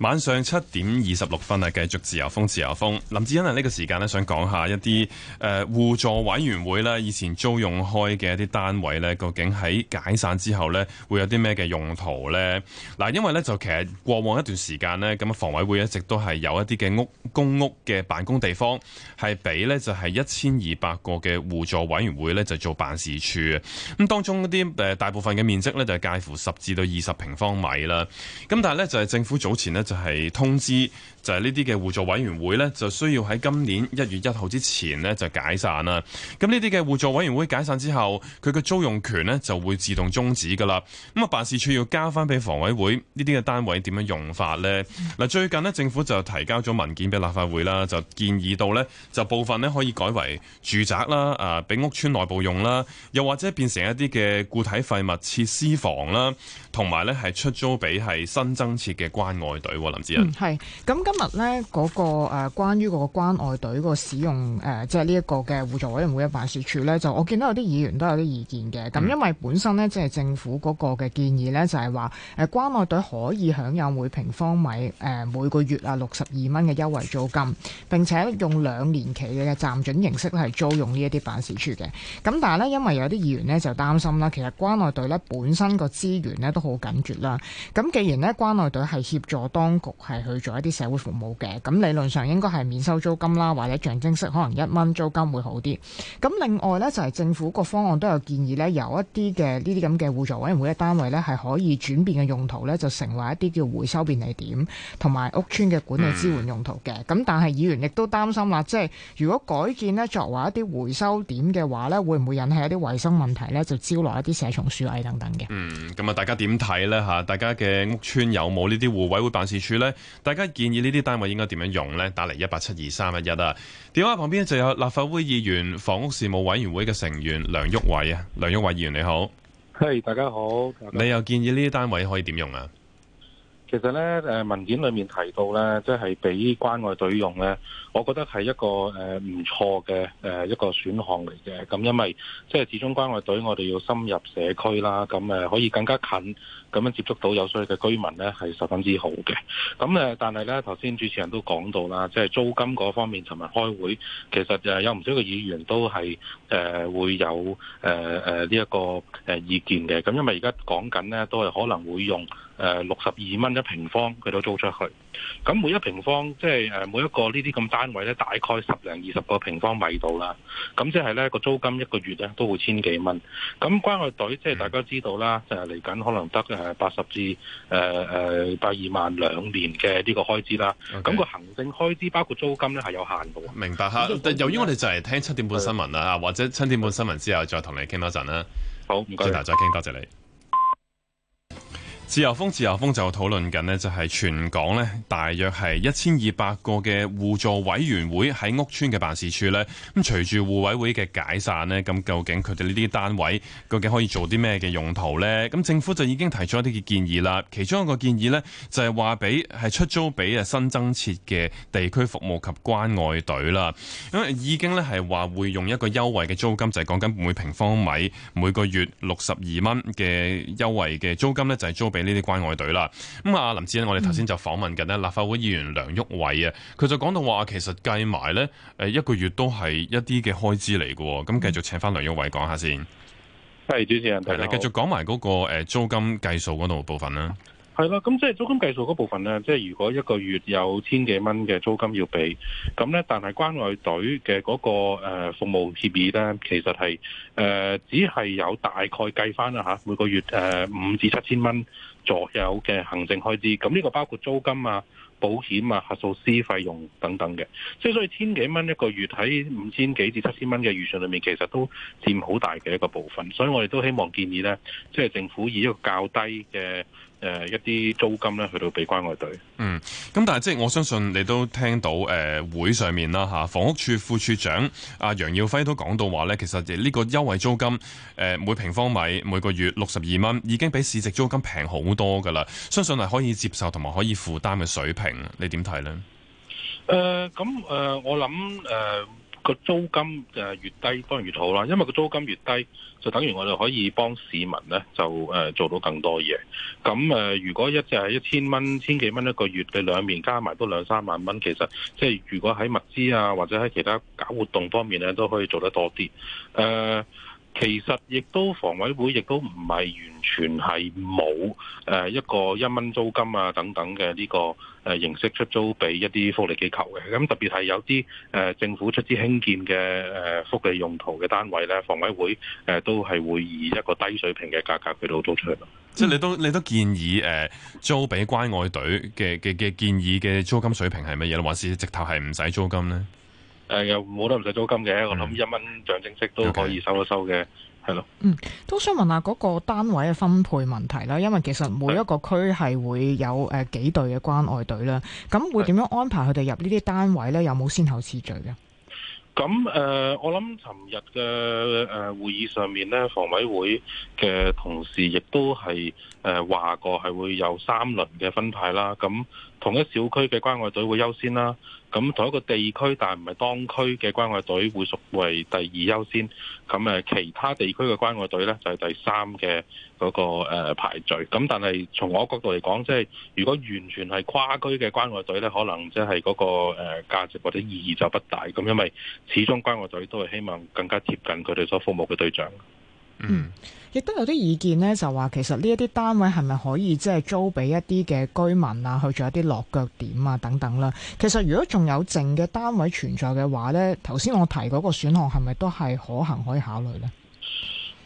晚上七點二十六分啊，繼續自由風，自由風。林志恩啊，呢、呢個時間咧，想講下一啲誒互助委員會咧，以前租用開嘅一啲單位咧，究竟喺解散之後咧，會有啲咩嘅用途呢？嗱、啊，因為呢，就其實過往一段時間咧，咁啊，房委會一直都係有一啲嘅屋公屋嘅辦公地方，係俾咧就係一千二百個嘅互助委員會咧，就做辦事處。咁當中嗰啲誒大部分嘅面積呢就係介乎十至到二十平方米啦。咁但係呢，就係、係、政府早前咧。就係通知。就係呢啲嘅互助委員會呢，就需要喺今年一月一號之前呢就解散啦。咁呢啲嘅互助委員會解散之後，佢嘅租用權呢就會自動終止噶啦。咁啊，辦事處要交翻俾房委會呢啲嘅單位點樣用法呢？嗱，最近呢政府就提交咗文件俾立法會啦，就建議到呢就部分呢可以改為住宅啦，啊，俾屋邨內部用啦，又或者變成一啲嘅固體廢物設施房啦，同埋呢係出租俾係新增設嘅關愛隊、啊。林志仁，係、嗯、咁。今日咧、嗰個誒、呃、關於嗰個關愛隊個使用誒、呃、即係呢一個嘅互助委員會嘅辦事處咧，就我見到有啲議員都有啲意見嘅。咁因為本身咧即係政府嗰個嘅建議咧，就係話誒關愛隊可以享有每平方米誒、呃、每個月啊六十二蚊嘅優惠租金，並且用兩年期嘅暫准形式咧係租用呢一啲辦事處嘅。咁但係咧因為有啲議員咧就擔心啦，其實關愛隊咧本身個資源咧都好緊缺啦。咁既然咧關愛隊係協助當局係去做一啲社會。服務嘅，咁理論上應該係免收租金啦，或者象徵式可能一蚊租金會好啲。咁另外呢，就係、是、政府個方案都有建議呢有一啲嘅呢啲咁嘅互助委員會嘅單位呢，係可以轉變嘅用途呢，就成為一啲叫回收便利點，同埋屋邨嘅管理支援用途嘅。咁、嗯、但係議員亦都擔心啦，即係如果改建呢作為一啲回收點嘅話呢，會唔會引起一啲衛生問題呢？就招來一啲蛇蟲鼠蟻等等嘅。嗯，咁啊，大家點睇呢？吓？大家嘅屋邨有冇呢啲互委會辦事處呢？大家建議呢？呢啲單位應該點樣用呢？打嚟一八七二三一一啊！電話旁邊就有立法會議員房屋事務委員會嘅成員梁毓偉啊，梁毓偉議員你好，嗨，hey，大家好，你又建議呢啲單位可以點用啊？其實咧，文件裏面提到咧，即係俾關愛隊用咧，我覺得係一個誒唔錯嘅一個選項嚟嘅。咁因為即係始終關愛隊，我哋要深入社區啦，咁可以更加近咁樣接觸到有需要嘅居民咧，係十分之好嘅。咁但係咧，頭先主持人都講到啦，即係租金嗰方面，尋日開會，其實有唔少嘅議員都係誒、呃、會有誒誒呢一個意見嘅。咁因為而家講緊咧，都係可能會用。誒，六十二蚊一平方，佢都租出去。咁每一平方，即係誒，每一個呢啲咁單位咧，大概十零二十個平方米度啦。咁即係咧個租金一個月咧，都會千幾蚊。咁關愛隊即係大家知道啦、嗯，就嚟、是、緊可能得係八十至誒誒百二萬兩年嘅呢個開支啦。咁、okay，個行政開支包括租金咧係有限嘅。明白吓。由於我哋就嚟聽七點半新聞啦，或者七點半新聞之後再同你傾多陣啦。好，唔該。轉頭再傾，多謝你。自由風自由風就討論緊咧，就係全港咧大約係一千二百個嘅互助委員會喺屋邨嘅辦事處咧。咁隨住互委會嘅解散咧，咁究竟佢哋呢啲單位究竟可以做啲咩嘅用途咧？咁政府就已經提出一啲嘅建議啦。其中一個建議咧就係話俾係出租俾啊新增設嘅地區服務及關愛隊啦。因為已經咧係話會用一個優惠嘅租金，就係講緊每平方米每個月六十二蚊嘅優惠嘅租金咧，就係租俾。呢啲關愛隊啦，咁啊林志咧，我哋頭先就訪問緊咧、嗯、立法會議員梁毓偉啊，佢就講到話，其實計埋咧，誒一個月都係一啲嘅開支嚟嘅，咁繼續請翻梁毓偉講下先。係主持人，係啦，繼續講埋嗰個誒、呃、租金計數嗰度部分啦。係啦，咁即係租金計數嗰部分咧，即係如果一個月有千幾蚊嘅租金要俾，咁咧但係關愛隊嘅嗰個誒服務協議咧，其實係誒、呃、只係有大概計翻啦吓，每個月誒五至七千蚊。呃所有嘅行政開支，咁呢個包括租金啊、保險啊、核數師費用等等嘅，即係所以千幾蚊一個月，喺五千幾至七千蚊嘅預算裏面，其實都佔好大嘅一個部分，所以我哋都希望建議呢，即係政府以一個較低嘅。誒、呃，一啲租金咧，去到俾關愛隊。嗯，咁但係即係我相信你都聽到誒、呃、會上面啦吓、啊，房屋署副署長阿楊、啊、耀輝都講到話咧，其實呢個優惠租金誒、呃、每平方米每個月六十二蚊，已經比市值租金平好多噶啦，相信係可以接受同埋可以負擔嘅水平，你點睇咧？誒、呃，咁誒、呃，我諗誒。呃個租金越低當然越好啦，因為個租金越低，就等於我哋可以幫市民呢，就誒做到更多嘢。咁誒、呃，如果一隻係、就是、一千蚊、千幾蚊一個月，嘅兩面加埋都兩三萬蚊，其實即係、就是、如果喺物資啊或者喺其他搞活動方面呢，都可以做得多啲誒。呃其實亦都房委會亦都唔係完全係冇，誒一個一蚊租金啊等等嘅呢個誒形式出租俾一啲福利機構嘅，咁特別係有啲誒政府出資興建嘅誒福利用途嘅單位咧，房委會誒都係會以一個低水平嘅價格去到租出去咯。即係你都你都建議誒租俾關愛隊嘅嘅嘅建議嘅租金水平係乜嘢咧？還是直頭係唔使租金咧？誒，又冇得唔使租金嘅，我諗一蚊象徵式都可以收一收嘅，係、okay. 咯。嗯，都想問一下嗰個單位嘅分配問題啦，因為其實每一個區係會有誒幾隊嘅關愛隊啦，咁會點樣安排佢哋入呢啲單位呢？有冇先後次序嘅？咁誒、呃，我諗尋日嘅誒會議上面呢，房委會嘅同事亦都係。誒話過係會有三輪嘅分派啦，咁同一小區嘅關愛隊會優先啦，咁同一個地區但係唔係當區嘅關愛隊會屬為第二優先，咁誒其他地區嘅關愛隊呢，就係第三嘅嗰個誒排序。咁但係從我角度嚟講，即係如果完全係跨區嘅關愛隊呢，可能即係嗰個誒價值或者意義就不大，咁因為始終關愛隊都係希望更加貼近佢哋所服務嘅對象。嗯。亦都有啲意見咧，就話其實呢一啲單位係咪可以即係租俾一啲嘅居民啊，去做一啲落腳點啊等等啦。其實如果仲有剩嘅單位存在嘅話咧，頭先我提嗰個選項係咪都係可行，可以考慮咧？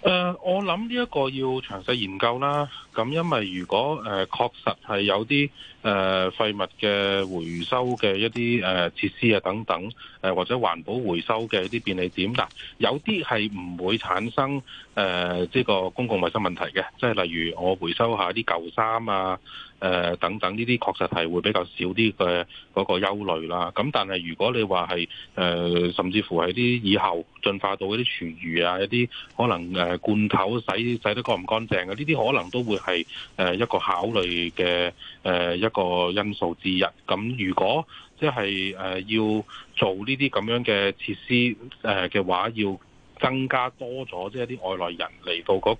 誒、uh，我諗呢一個要詳細研究啦。咁因為如果誒、呃、確實係有啲誒、呃、廢物嘅回收嘅一啲誒、呃、設施啊等等、呃，或者環保回收嘅一啲便利點嗱、呃、有啲係唔會產生誒呢、呃這個公共衛生問題嘅，即係例如我回收一下啲舊衫啊。誒等等呢啲確實係會比較少啲嘅嗰個憂慮啦。咁但係如果你話係誒，甚至乎係啲以後進化到嗰啲廚餘啊，一啲可能誒罐頭洗洗得乾唔乾淨呀、啊，呢啲，可能都會係誒一個考慮嘅誒一個因素之一。咁如果即係誒要做呢啲咁樣嘅設施誒嘅話，要。增加多咗即係一啲外來人嚟到嗰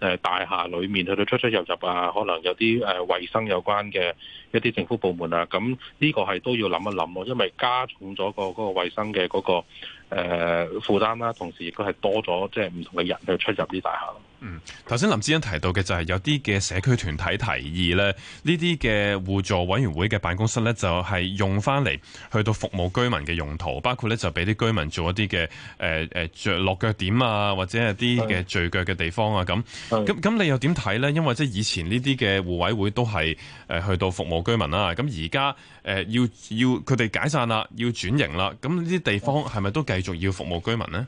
個誒大廈裏面去到出出入入啊，可能有啲誒衛生有關嘅一啲政府部門啊，咁呢個係都要諗一諗咯啊，因為加重咗個嗰個衛生嘅嗰個誒負擔啦，同時亦都係多咗即係唔同嘅人去出入啲大廈。嗯，頭先林志欣提到嘅就係有啲嘅社區團體提議咧，呢啲嘅互助委員會嘅辦公室咧就係用翻嚟去到服務居民嘅用途，包括咧就俾啲居民做一啲嘅誒誒著落腳點啊，或者係啲嘅聚腳嘅地方啊咁。咁咁你又點睇咧？因為即係以前呢啲嘅互委會都係誒、呃、去到服務居民啦、啊。咁而家誒要要佢哋解散啦，要轉型啦。咁呢啲地方係咪都繼續要服務居民咧？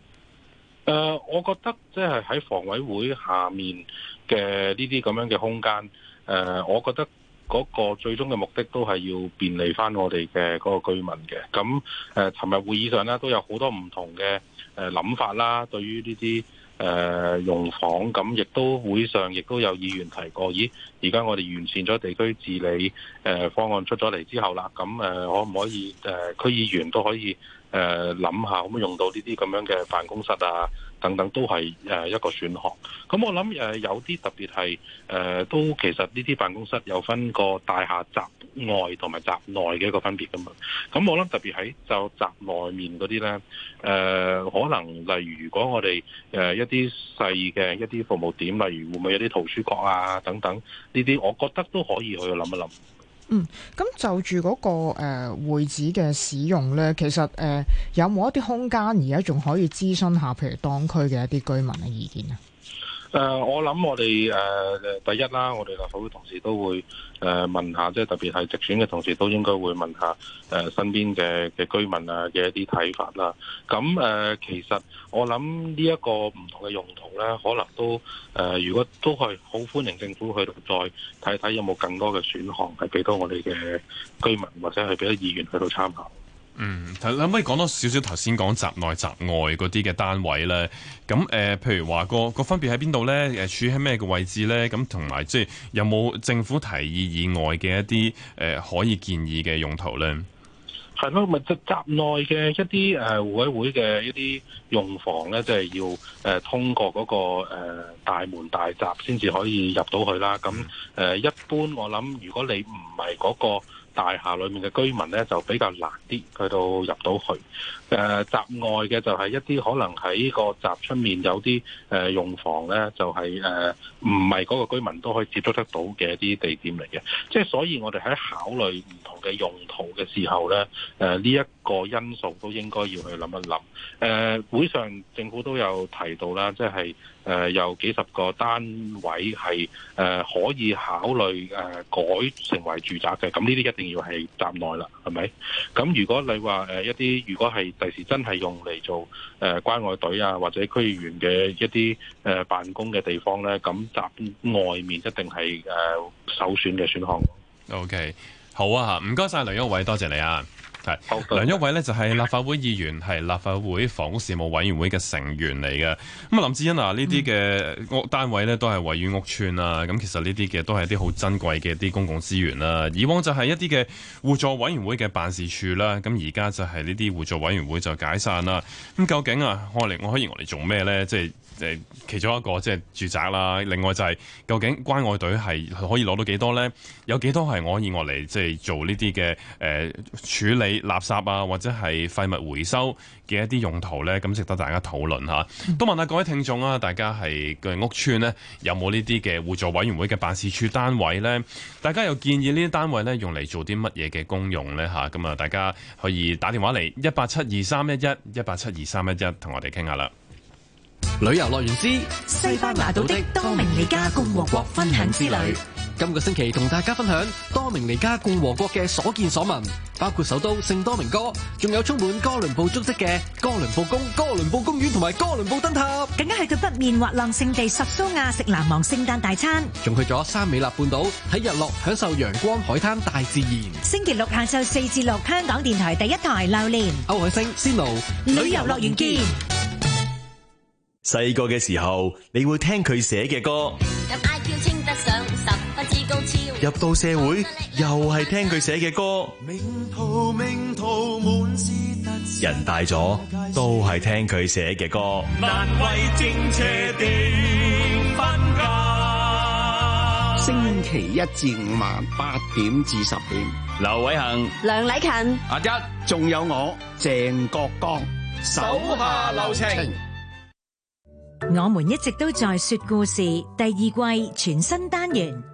誒，我覺得即係喺房委會下面嘅呢啲咁樣嘅空間，誒，我覺得嗰個最終嘅目的都係要便利返我哋嘅嗰個居民嘅。咁誒，尋日會議上咧都有好多唔同嘅誒諗法啦，對於呢啲誒用房，咁亦都會上亦都有議員提過，咦，而家我哋完善咗地區治理誒方案出咗嚟之後啦，咁誒可唔可以誒區議員都可以？誒諗下可唔可以用到呢啲咁樣嘅辦公室啊，等等都係誒一個選項。咁我諗誒有啲特別係誒都其實呢啲辦公室有分個大廈閘外同埋閘內嘅一個分別㗎嘛。咁我諗特別喺就閘內面嗰啲咧，誒可能例如如果我哋誒一啲細嘅一啲服務點，例如會唔會有啲圖書館啊等等呢啲，我覺得都可以去諗一諗。嗯，咁就住嗰個誒會址嘅使用咧，其實誒有冇一啲空間而家仲可以諮詢下，譬如當區嘅一啲居民嘅意見啊？誒，我諗我哋誒第一啦，我哋立法會同事都會誒問下，即係特別係直選嘅同事都應該會問下誒身邊嘅嘅居民啊嘅一啲睇法啦。咁誒，其實我諗呢一個唔同嘅用途咧，可能都誒，如果都係好歡迎政府去到再睇睇有冇更多嘅選項，係俾到我哋嘅居民或者係俾啲議員去到參考。嗯，睇可唔可以講多少少頭先講閘內閘外嗰啲嘅單位咧？咁誒、呃，譬如話個個分別喺邊度咧？誒，處喺咩嘅位置咧？咁同埋即係有冇政府提議以外嘅一啲誒、呃、可以建議嘅用途咧？係咯，咪就是、閘內嘅一啲誒，互、呃、委會嘅一啲用房咧，即、就、係、是、要誒、呃、通過嗰、那個誒、呃、大門大閘先至可以入到去啦。咁誒、呃，一般我諗如果你唔係嗰個。大廈裏面嘅居民咧，就比較難啲去到入到去。誒、呃、閘外嘅就係一啲可能喺個閘出面有啲誒、呃、用房咧，就係誒唔係嗰個居民都可以接觸得到嘅一啲地點嚟嘅，即、就、係、是、所以我哋喺考慮唔同嘅用途嘅時候咧，誒、呃、呢一個因素都應該要去諗一諗。誒、呃，會上政府都有提到啦，即係誒、呃、有幾十個單位係、呃、可以考慮、呃、改成為住宅嘅。咁呢啲一定要係站內啦，係咪？咁如果你話一啲，如果係第時真係用嚟做誒、呃、關愛隊啊或者區議員嘅一啲誒、呃、辦公嘅地方咧，咁站外面一定係誒、呃、首選嘅選項。OK，好啊唔該晒。謝謝梁毓偉，多謝，謝你啊！係，梁毓偉咧就係、是、立法會議員，係立法會房屋事務委員會嘅成員嚟嘅。咁啊，林志恩啊，呢啲嘅屋單位咧都係位於屋邨啊。咁其實呢啲嘅都係一啲好珍貴嘅一啲公共資源啦。以往就係一啲嘅互助委員會嘅辦事處啦，咁而家就係呢啲互助委員會就解散啦。咁究竟啊，我嚟我可以我嚟做咩咧？即係誒其中一個即係住宅啦。另外就係、是、究竟關愛隊係可以攞到幾多咧？有幾多係我可以我嚟即係做呢啲嘅誒處理？垃圾啊，或者係廢物回收嘅一啲用途呢，咁值得大家討論吓。都問下各位聽眾啊，大家係嘅屋邨呢，有冇呢啲嘅互助委員會嘅辦事處單位呢？大家又建議呢啲單位呢，用嚟做啲乜嘢嘅功用呢？吓，咁啊，大家可以打電話嚟一八七二三一一一八七二三一一，同我哋傾下啦。旅遊樂園之西班牙島的多明尼加共和國分享之旅。今個星期同大家分享多明尼加共和國嘅所見所聞，包括首都聖多明哥，仲有充滿哥倫布足跡嘅哥倫布宮、哥倫布公園同埋哥倫布燈塔。更加係去北面滑浪勝地索蘇亞食難忘聖誕大餐，仲去咗三美納半島喺日落享受陽光、海灘、大自然。星期六下晝四至六，香港電台第一台流年，歐海星、仙奴，旅遊樂園見。細個嘅時候，你會聽佢寫嘅歌。入到社會又係聽佢寫嘅歌，人大咗都係聽佢寫嘅歌。難為正邪定分界，星期一至五晚八點至十點，劉偉恒、梁禮勤、阿一，仲有我鄭國江，手下留情。我們一直都在說故事第二季全新單元。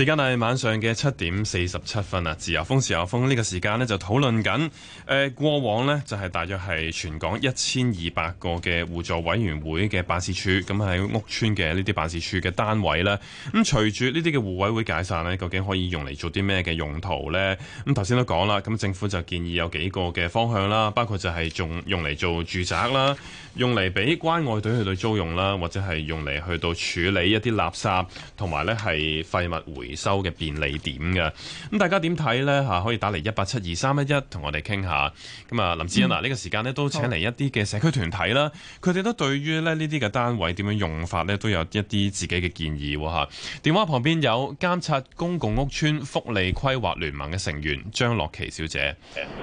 時間係晚上嘅七點四十七分啊！自由風，自由風，呢個時間呢就討論緊誒、呃、過往呢，就係、是、大約係全港一千二百個嘅互助委員會嘅辦事處，咁喺屋邨嘅呢啲辦事處嘅單位啦咁、嗯、隨住呢啲嘅互委會解散呢，究竟可以用嚟做啲咩嘅用途呢？咁頭先都講啦，咁政府就建議有幾個嘅方向啦，包括就係仲用嚟做住宅啦，用嚟俾關愛隊去到租用啦，或者係用嚟去到處理一啲垃圾同埋呢係廢物回維修嘅便利點嘅，咁大家點睇咧吓？可以打嚟一八七二三一一，同我哋傾下。咁、嗯、啊，林志欣嗱，呢個時間咧都請嚟一啲嘅社區團體啦，佢哋都對於咧呢啲嘅單位點樣用法咧，都有一啲自己嘅建議吓。電話旁邊有監察公共屋邨福利規劃聯盟嘅成員張樂琪小姐，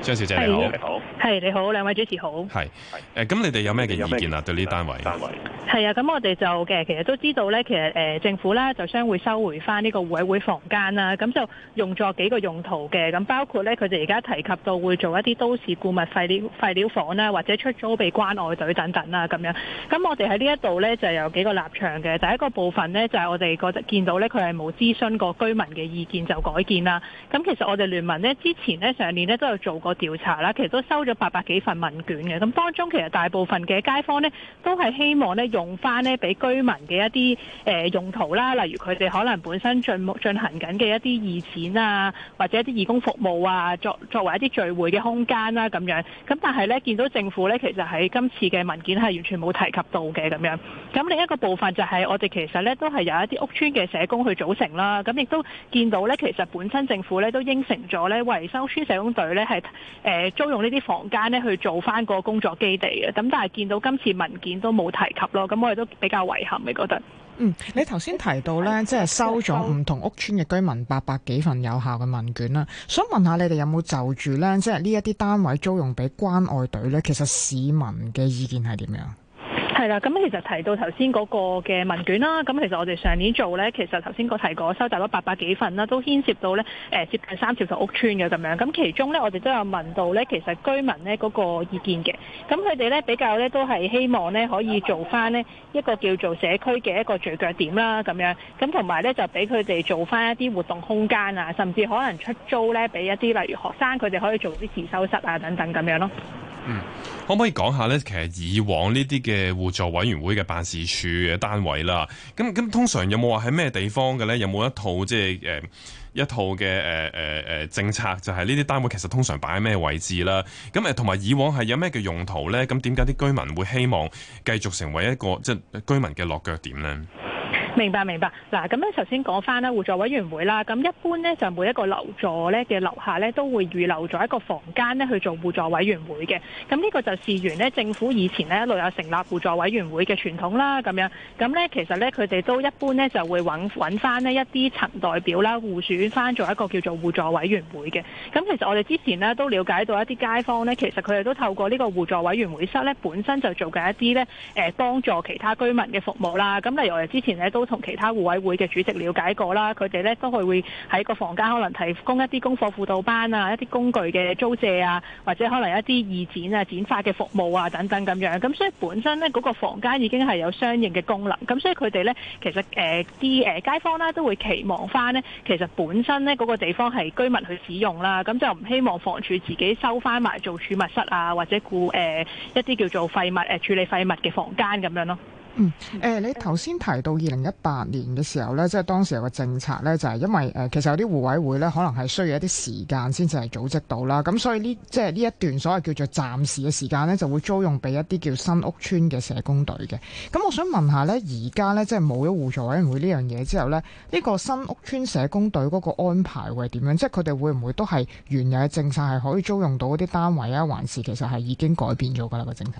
張小姐你好，你好，係你好，兩位主持好，係，誒，咁、啊、你哋有咩嘅意見啊？對呢單位，係啊，咁我哋就嘅，其實都知道咧，其實誒政府咧就將會收回翻呢個委會會。房間啦，咁就用咗幾個用途嘅，咁包括咧，佢哋而家提及到會做一啲都市固物廢料廢料房啦，或者出租俾關愛隊等等啦，咁樣，咁我哋喺呢一度咧，就有幾個立場嘅。第一個部分咧，就係、是、我哋覺得見到咧，佢係冇諮詢過居民嘅意見就改建啦。咁其實我哋聯盟咧之前咧上年咧都有做過調查啦，其實都收咗八百幾份問卷嘅。咁當中其實大部分嘅街坊咧都係希望咧用返咧俾居民嘅一啲誒、呃、用途啦，例如佢哋可能本身進進行緊嘅一啲義展啊，或者一啲義工服務啊，作作為一啲聚會嘅空間啦、啊，咁樣。咁但係呢，見到政府呢，其實喺今次嘅文件係完全冇提及到嘅咁樣。咁另一個部分就係、是、我哋其實呢，都係由一啲屋邨嘅社工去組成啦。咁亦都見到呢，其實本身政府呢，都應承咗呢，維修屋邨社工隊呢，係誒、呃、租用呢啲房間呢，去做翻個工作基地嘅。咁但係見到今次文件都冇提及咯。咁我哋都比較遺憾嘅覺得。嗯，你頭先提到咧，即係收咗唔同屋邨嘅居民八百幾份有效嘅問卷啦，想問下你哋有冇就住咧，即係呢一啲單位租用俾關愛隊咧，其實市民嘅意見係點樣？啦，咁其實提到頭先嗰個嘅問卷啦，咁其實我哋上年做呢，其實頭先個提過收集咗八百幾份啦，都牽涉到呢，誒、呃、接近三條就屋邨嘅咁樣，咁其中呢，我哋都有問到呢，其實居民呢嗰個意見嘅，咁佢哋呢比較呢，都係希望呢可以做翻呢一個叫做社區嘅一個聚腳點啦，咁樣，咁同埋呢，就俾佢哋做翻一啲活動空間啊，甚至可能出租呢，俾一啲例如學生佢哋可以做啲自修室啊等等咁樣咯。嗯，可唔可以講下呢？其實以往呢啲嘅互助委員會嘅辦事處嘅單位啦，咁咁通常有冇話喺咩地方嘅呢？有冇一套即係、就是呃、一套嘅誒誒政策，就係呢啲單位其實通常擺喺咩位置啦？咁誒同埋以往係有咩嘅用途呢？咁點解啲居民會希望繼續成為一個即係、就是、居民嘅落腳點呢？明白明白嗱，咁咧頭先講翻咧互助委員會啦，咁一般咧就每一個樓座咧嘅樓下咧都會預留咗一個房間咧去做互助委員會嘅，咁呢個就事緣呢，政府以前呢一路有成立互助委員會嘅傳統啦，咁樣，咁咧其實咧佢哋都一般咧就會揾揾翻咧一啲層代表啦，互選翻做一個叫做互助委員會嘅，咁其實我哋之前呢都了解到一啲街坊咧，其實佢哋都透過呢個互助委員會室咧本身就做緊一啲咧誒幫助其他居民嘅服務啦，咁例如我哋之前咧都。同其他互委會嘅主席了解過啦，佢哋咧都係會喺個房間可能提供一啲功課輔導班啊，一啲工具嘅租借啊，或者可能一啲義剪啊、剪髮嘅服務啊等等咁樣。咁所以本身咧嗰、那個房間已經係有相應嘅功能。咁所以佢哋咧其實誒啲誒街坊啦、啊、都會期望翻咧，其實本身咧嗰、那個地方係居民去使用啦。咁就唔希望房署自己收翻埋做儲物室啊，或者顧誒、呃、一啲叫做廢物誒處理廢物嘅房間咁樣咯。嗯，欸、你頭先提到二零一八年嘅時候呢，即係當時有個政策呢，就係因為誒、呃，其實有啲互委會呢可能係需要一啲時間先至係組織到啦，咁所以呢，即係呢一段所謂叫做暫時嘅時間呢就會租用俾一啲叫新屋邨嘅社工隊嘅。咁我想問一下呢，而家呢，即係冇咗互助委員會呢樣嘢之後呢呢、呢個新屋邨社工隊嗰個安排會係點樣？即係佢哋會唔會都係原有嘅政策係可以租用到啲單位啊，還是其實係已經改變咗噶啦個政策？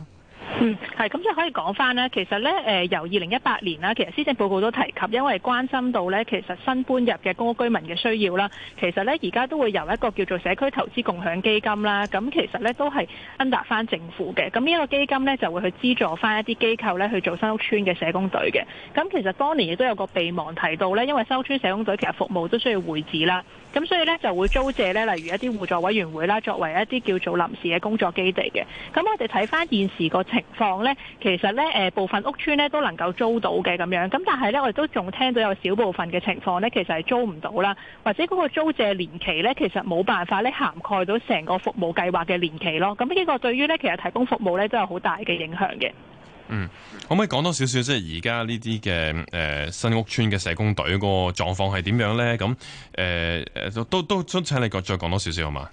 嗯，係，咁即係可以講翻咧，其實咧，誒、呃，由二零一八年啦，其實施政報告都提及，因為關心到咧，其實新搬入嘅公屋居民嘅需要啦，其實咧而家都會由一個叫做社區投資共享基金啦，咁其實咧都係 under 翻政府嘅，咁呢個基金咧就會去資助翻一啲機構咧去做新屋村嘅社工隊嘅，咁其實當年亦都有個備忘提到咧，因為新屋村社工隊其實服務都需要會址啦。咁所以咧就會租借咧，例如一啲互助委員會啦，作為一啲叫做臨時嘅工作基地嘅。咁我哋睇翻現時個情況咧，其實咧誒、呃、部分屋邨咧都能夠租到嘅咁樣。咁但係咧我哋都仲聽到有少部分嘅情況咧，其實係租唔到啦，或者嗰個租借年期咧其實冇辦法咧涵蓋到成個服務計劃嘅年期咯。咁呢個對於咧其實提供服務咧都有好大嘅影響嘅。嗯，可唔可以講多少少即係而家呢啲嘅誒新屋村嘅社工隊個狀況係點樣呢？咁誒誒都都，都請你再講多少少好嘛？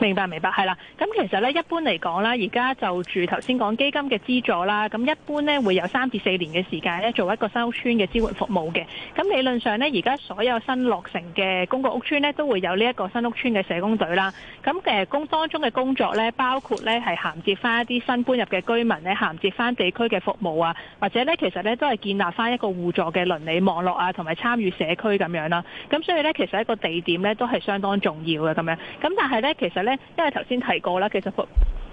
明白明白，係啦。咁其實呢，一般嚟講啦，而家就住頭先講基金嘅資助啦。咁一般呢，會有三至四年嘅時間呢做一個新屋村嘅支援服務嘅。咁理論上呢，而家所有新落成嘅公共屋村呢，都會有呢一個新屋村嘅社工隊啦。咁嘅工當中嘅工作呢，包括呢係銜接翻一啲新搬入嘅居民呢銜接翻地。區嘅服務啊，或者咧，其實咧都係建立翻一個互助嘅鄰里網絡啊，同埋參與社區咁樣啦。咁所以咧，其實一個地點咧都係相當重要嘅咁樣。咁但係咧，其實咧，因為頭先提過啦，其實服。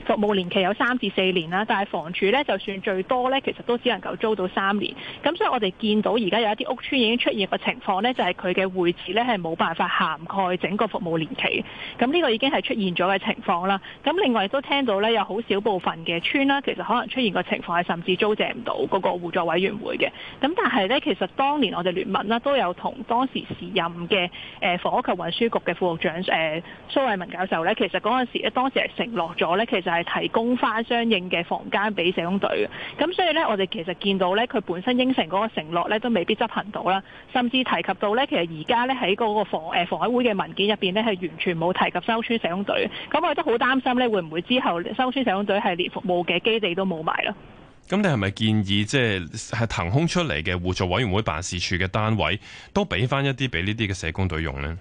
服務年期有三至四年啦，但係房署咧就算最多咧，其實都只能夠租到三年。咁所以我哋見到而家有一啲屋邨已經出現個情況咧，就係佢嘅會址咧係冇辦法涵蓋整個服務年期。咁呢個已經係出現咗嘅情況啦。咁另外亦都聽到咧，有好少部分嘅邨啦，其實可能出現個情況係甚至租借唔到嗰個互助委員會嘅。咁但係咧，其實當年我哋聯盟啦都有同當時時任嘅誒、呃、房屋及運輸局嘅副局長誒、呃、蘇偉文教授咧，其實嗰陣時咧當時係承諾咗咧，其實，提供翻相應嘅房間俾社工隊嘅，咁所以呢，我哋其實見到呢，佢本身應承嗰個承諾呢，都未必執行到啦，甚至提及到呢，其實而家呢，喺嗰個房誒、呃、房委會嘅文件入邊呢，係完全冇提及收村社工隊嘅，咁我哋都好擔心呢，會唔會之後收村社工隊係連服務嘅基地都冇埋啦？咁你係咪建議即係係騰空出嚟嘅互助委員會辦事處嘅單位，都俾翻一啲俾呢啲嘅社工隊用呢？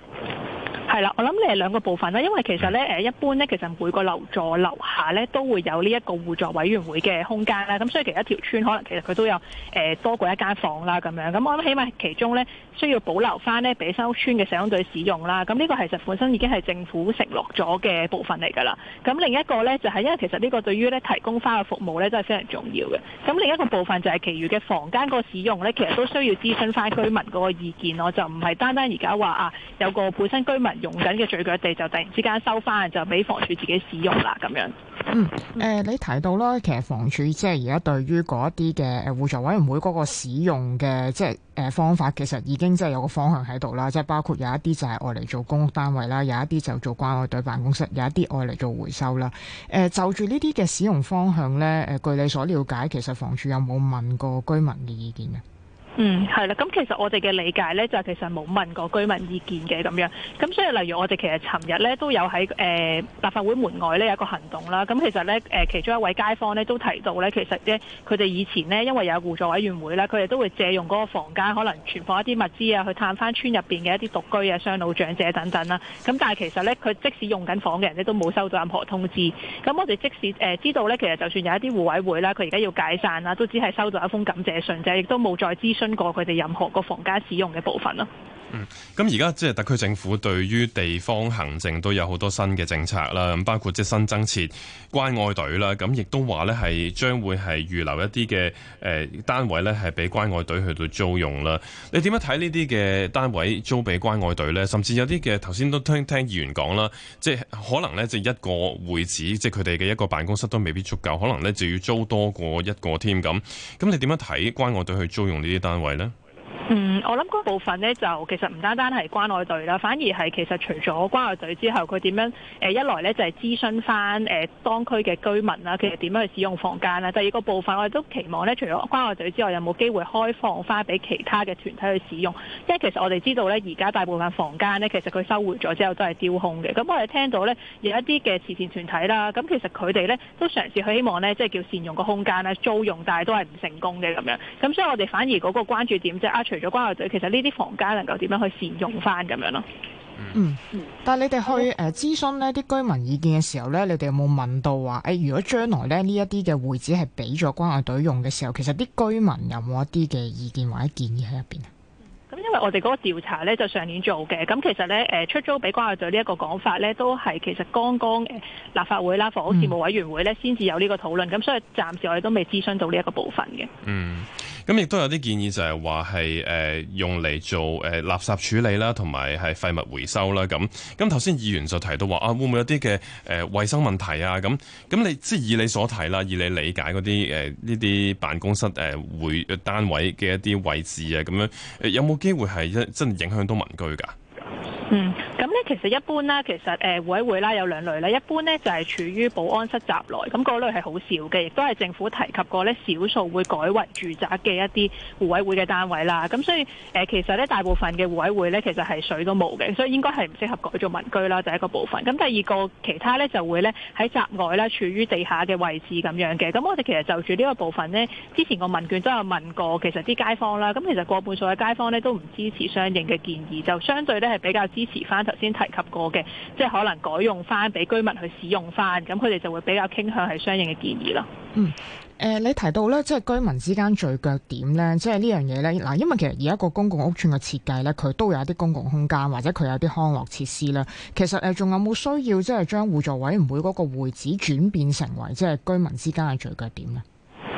係啦，我諗你係兩個部分咧，因為其實咧一般咧，其實每個樓座樓下咧都會有呢一個互助委員會嘅空間啦，咁所以其實一條村可能其實佢都有、呃、多過一間房啦咁樣，咁我諗起碼其中咧需要保留翻咧俾收村嘅社工隊使用啦，咁呢個其實本身已經係政府承諾咗嘅部分嚟㗎啦。咁另一個咧就係、是、因為其實呢個對於咧提供翻個服務咧都係非常重要嘅。咁另一個部分就係其餘嘅房間個使用咧，其實都需要諮詢翻居民嗰個意見咯，就唔係單單而家話啊有個本身居民，用緊嘅最腳地就突然之間收翻，就俾房署自己使用啦咁樣。嗯，誒、呃、你提到啦，其實房署即係而家對於嗰一啲嘅誒互助委員會嗰個使用嘅即係誒、呃、方法，其實已經即係有個方向喺度啦。即係包括有一啲就係外嚟做公屋單位啦，有一啲就做關愛隊辦公室，有一啲外嚟做回收啦。誒、呃、就住呢啲嘅使用方向咧，誒、呃、據你所了解，其實房署有冇問過居民嘅意見啊？嗯，係啦，咁其實我哋嘅理解呢，就係、是、其實冇問過居民意見嘅咁樣，咁所以例如我哋其實尋日呢，都有喺誒、呃、立法會門外呢有一個行動啦，咁其實呢、呃，其中一位街坊呢都提到呢，其實呢，佢哋以前呢，因為有互助委員會啦，佢哋都會借用嗰個房間，可能存放一啲物資啊，去探翻村入邊嘅一啲獨居啊、雙老長者等等啦、啊，咁但係其實呢，佢即使用緊房嘅人呢，都冇收到任何通知，咁我哋即使、呃、知道呢，其實就算有一啲互委會啦，佢而家要解散啦，都只係收到一封感謝信就亦都冇再諮詢。經過佢哋任何個房間使用嘅部分咯。嗯，咁而家即係特區政府對於地方行政都有好多新嘅政策啦，咁包括即係新增設關愛隊啦，咁亦都話咧係將會係預留一啲嘅誒單位咧係俾關愛隊去到租用啦。你點樣睇呢啲嘅單位租俾關愛隊呢？甚至有啲嘅頭先都聽聽議員講啦，即係可能呢即係一個會址，即係佢哋嘅一個辦公室都未必足夠，可能呢就要租多過一個添咁。咁你點樣睇關愛隊去租用呢啲單位呢？嗯，我諗嗰部分呢，就其實唔單單係關愛隊啦，反而係其實除咗關愛隊之後，佢點樣誒、呃、一來呢，就係、是、諮詢翻誒、呃、當區嘅居民啦，其實點樣去使用房間啦。第二個部分我哋都期望呢，除咗關愛隊之外，有冇機會開放翻俾其他嘅團體去使用？因為其實我哋知道呢，而家大部分房間呢，其實佢收回咗之後都係丟空嘅。咁我哋聽到呢，有一啲嘅慈善團體啦，咁其實佢哋呢，都嘗試去希望呢，即係叫善用個空間啦、租用，但係都係唔成功嘅咁樣。咁所以我哋反而嗰個關注點即係，啊除咗關愛隊，其實呢啲房間能夠點樣去善用翻咁樣咯？嗯。但係你哋去誒諮詢咧，啲居民意見嘅時候咧，你哋有冇問到話誒？如果將來咧呢一啲嘅會址係俾咗關愛隊用嘅時候，其實啲居民有冇一啲嘅意見或者建議喺入邊啊？咁因為我哋嗰個調查咧就上年做嘅，咁其實咧誒出租俾關愛隊呢一個講法咧，都係其實剛剛誒立法會啦，房屋事務委員會咧先至有呢個討論，咁、嗯、所以暫時我哋都未諮詢到呢一個部分嘅。嗯。咁亦都有啲建議就係話係誒用嚟做誒垃圾處理啦，同埋係廢物回收啦咁。咁頭先議員就提到話啊，會唔會有啲嘅誒衛生問題啊？咁咁你即係以你所提啦，以你理解嗰啲誒呢啲辦公室誒會單位嘅一啲位置啊，咁樣誒有冇機會係一真係影響到民居㗎？嗯。咧其實一般啦，其實誒互委會啦有兩類啦，一般呢，就係處於保安室宅內，咁、那、嗰、個、類係好少嘅，亦都係政府提及過呢少數會改為住宅嘅一啲互委會嘅單位啦。咁所以誒、呃、其實呢，大部分嘅互委會呢，其實係水都冇嘅，所以應該係唔適合改做民居啦，就係、是、一個部分。咁第二個其他呢，就會呢喺宅外咧處於地下嘅位置咁樣嘅。咁我哋其實就住呢個部分呢，之前個問卷都有問過，其實啲街坊啦，咁其實過半數嘅街坊呢，都唔支持相應嘅建議，就相對呢，係比較支持翻頭先。先提及過嘅，即係可能改用翻俾居民去使用翻，咁佢哋就會比較傾向係相應嘅建議囉。嗯，誒、呃，你提到咧，即係居民之間聚腳點咧，即係呢樣嘢咧，嗱，因為其實而家個公共屋邨嘅設計咧，佢都有一啲公共空間或者佢有啲康樂設施啦。其實誒，仲有冇需要即係將互助委員會嗰個會址轉變成為即係居民之間嘅聚腳點呢？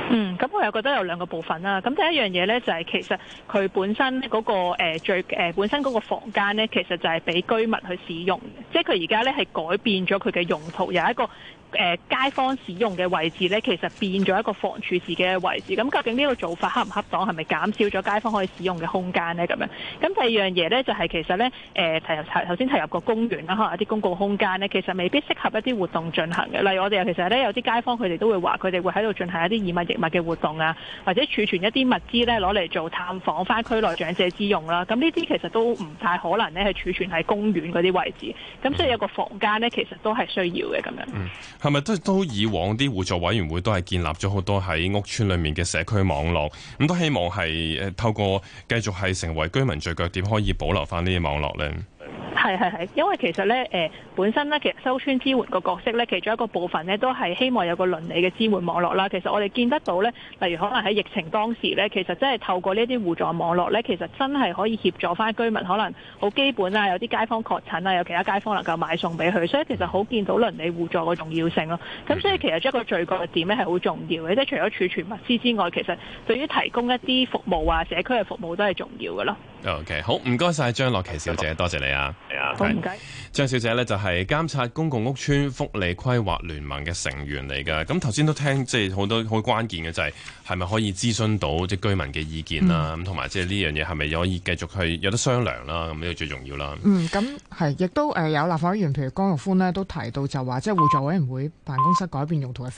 嗯，咁我又覺得有兩個部分啦。咁第一樣嘢咧，就係其實佢本身咧、那、嗰個、呃、最誒、呃、本身嗰個房間咧，其實就係俾居民去使用，即係佢而家咧係改變咗佢嘅用途，有一個。誒街坊使用嘅位置呢，其實變咗一個辦事處嘅位置。咁究竟呢個做法恰唔恰當？係咪減少咗街坊可以使用嘅空間呢？咁樣。咁第二樣嘢呢，就係、是、其實呢，誒、呃、提頭先提及個公園啦，可能一啲公共空間呢，其實未必適合一啲活動進行嘅。例如我哋其實呢，有啲街坊佢哋都會話，佢哋會喺度進行一啲以物易物嘅活動啊，或者儲存一啲物資呢，攞嚟做探訪返區內長者之用啦。咁呢啲其實都唔太可能呢，係儲存喺公園嗰啲位置。咁所以有個房間呢，其實都係需要嘅。咁樣。嗯係咪都都以往啲互助委員會都係建立咗好多喺屋村裏面嘅社區網絡，咁都希望係誒透過繼續係成為居民聚腳點，可以保留翻呢啲網絡咧。係係係，因為其實咧，誒，本身咧，其實收村支援個角色咧，其中一個部分咧，都係希望有個鄰里嘅支援網絡啦。其實我哋見得到咧，例如可能喺疫情當時咧，其實真係透過呢啲互助網絡咧，其實真係可以協助返居民，可能好基本啊，有啲街坊確診啊，有其他街坊能夠買餸俾佢，所以其實好見到鄰里互助個重要性咯。咁、嗯嗯、所以其實一個聚腳嘅點咧係好重要嘅，即係除咗儲存物資之外，其實對於提供一啲服務啊，社區嘅服務都係重要嘅咯。OK，好，唔該晒張樂淇小姐，多謝、謝你啊。係啊，好唔該，張、嗯、小姐呢就係、是、監察公共屋邨福利規劃聯盟嘅成員嚟噶。咁頭先都聽，即係好多好關鍵嘅，就係係咪可以諮詢到即係居民嘅意見啦。咁同埋即係呢樣嘢係咪可以繼續去有得商量啦？咁呢個最重要啦。嗯，咁係亦都誒有立法委員，譬如江玉歡呢都提到就話，即、就、係、是、互助委員會辦公室改變用途嘅。